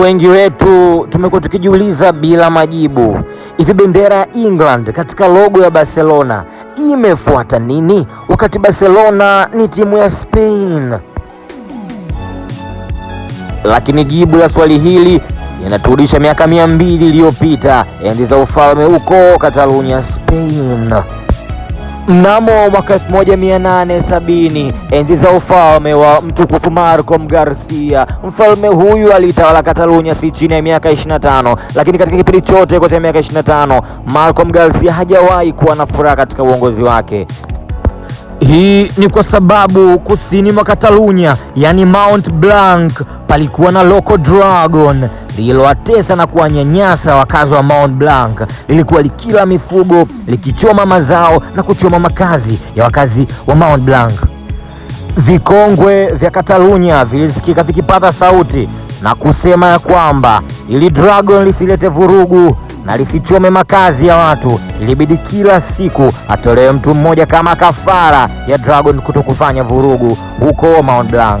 Wengi wetu tumekuwa tukijiuliza bila majibu, hivi bendera ya England katika logo ya Barcelona imefuata nini, wakati Barcelona ni timu ya Spain? Lakini jibu la swali hili linaturudisha miaka mia mbili iliyopita, enzi za ufalme huko Catalonia, Spain. Mnamo mwaka 1870 enzi za ufalme wa mtukufu Marcom Garcia, mfalme huyu alitawala Katalunya si chini ya miaka 25, lakini katika kipindi chote kote ya miaka 25 Marcom Garcia hajawahi kuwa na furaha katika uongozi wake. Hii ni kwa sababu kusini mwa Katalunya, yani Mount Blanc, palikuwa na Loco Dragon lililowatesa na kuwanyanyasa wakazi wa Mount Blanc. Lilikuwa likila mifugo, likichoma mazao na kuchoma makazi ya wakazi wa Mount Blanc. Vikongwe vya Katalunya vilisikika vikipata sauti na kusema ya kwamba ili dragon lisilete vurugu na lisichome makazi ya watu. Ilibidi kila siku atolewe mtu mmoja kama kafara ya Dragon kutokufanya vurugu huko Mont Blanc.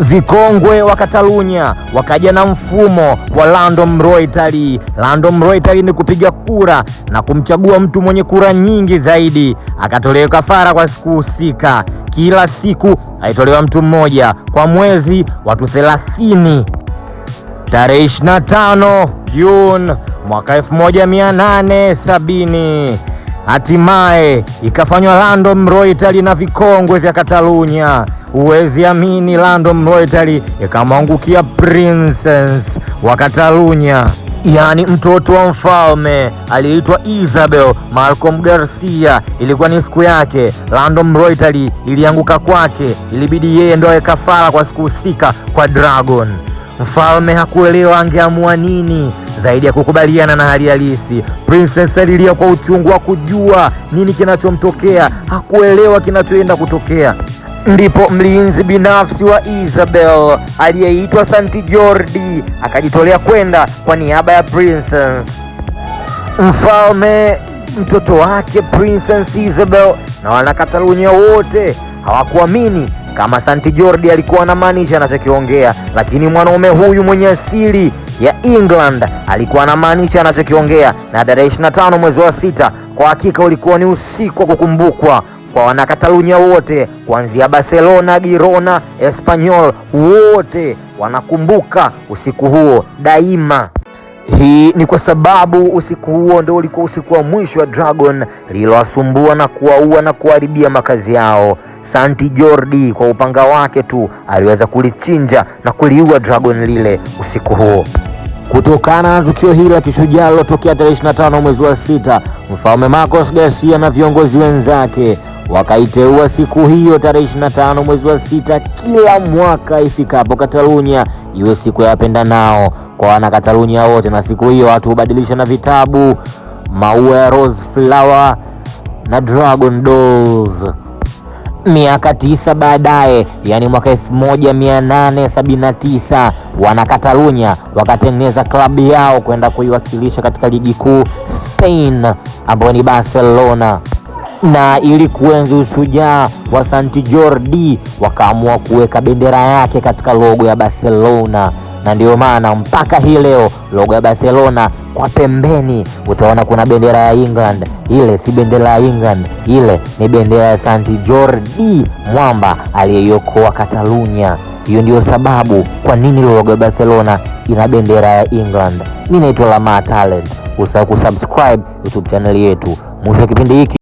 Vikongwe wa Katalunya wakaja na mfumo wa random roitali. Random roitali ni kupiga kura na kumchagua mtu mwenye kura nyingi zaidi akatolewa kafara kwa siku husika. Kila siku aitolewa mtu mmoja, kwa mwezi watu 30 Tarehe 25 Juni mwaka 1870 hatimaye ikafanywa Landom Roitali na vikongwe vya Katalunya. Huwezi amini, random Roitali ikamwangukia princess wa Katalunya, yaani mtoto wa mfalme aliyeitwa Isabel Malcolm Garcia. Ilikuwa ni siku yake, random Roitali ilianguka kwake, ilibidi yeye ndo awe kafara kwa siku husika kwa Dragon. Mfalme hakuelewa angeamua nini zaidi ya kukubaliana na hali halisi. Princess alilia kwa uchungu wa kujua nini kinachomtokea, hakuelewa kinachoenda kutokea. Ndipo mlinzi binafsi wa Isabel aliyeitwa Santi Jordi akajitolea kwenda kwa niaba ya Princess. Mfalme, mtoto wake Princess Isabel na wana Wanakatalunya wote hawakuamini kama Santi Jordi alikuwa anamaanisha anachokiongea, lakini mwanaume huyu mwenye asili ya England. Alikuwa anamaanisha anachokiongea, na tarehe 25 mwezi wa sita kwa hakika ulikuwa ni usiku wa kukumbukwa kwa Wanakatalunya wote kuanzia Barcelona, Girona, Espanyol, wote wanakumbuka usiku huo daima. Hii ni kwa sababu usiku huo ndio ulikuwa usiku wa mwisho wa Dragon lililowasumbua na kuwaua na kuharibia makazi yao. Santi Jordi kwa upanga wake tu aliweza kulichinja na kuliua Dragon lile usiku huo. Kutokana na tukio hili la kishujaa lilotokea tarehe 25 mwezi wa sita, Mfalme Marcos Garcia na viongozi wenzake wakaiteua siku hiyo tarehe 25 mwezi wa sita kila mwaka ifikapo Katalunya iwe siku ya nao kwa Katalunya wote, na siku hiyo watu na vitabu, maua ya rose flower na dragon dolls. Miaka tisa baadaye, yani mwaka 1879 Katalunya wakatengeneza klabu yao kwenda kuiwakilisha katika ligi kuu Spain ambayo ni Barcelona na ili kuenzi ushujaa wa Santi Jordi wakaamua kuweka bendera yake katika logo ya Barcelona, na ndiyo maana mpaka hii leo logo ya Barcelona kwa pembeni utaona kuna bendera ya England. Ile si bendera ya England, ile ni bendera ya Santi Jordi Mwamba aliyeiokoa Katalunya. Hiyo ndiyo sababu kwa nini logo ya Barcelona ina bendera ya England. Mimi naitwa Lama Talent, usahau kusubscribe YouTube channel yetu. Mwisho wa kipindi hiki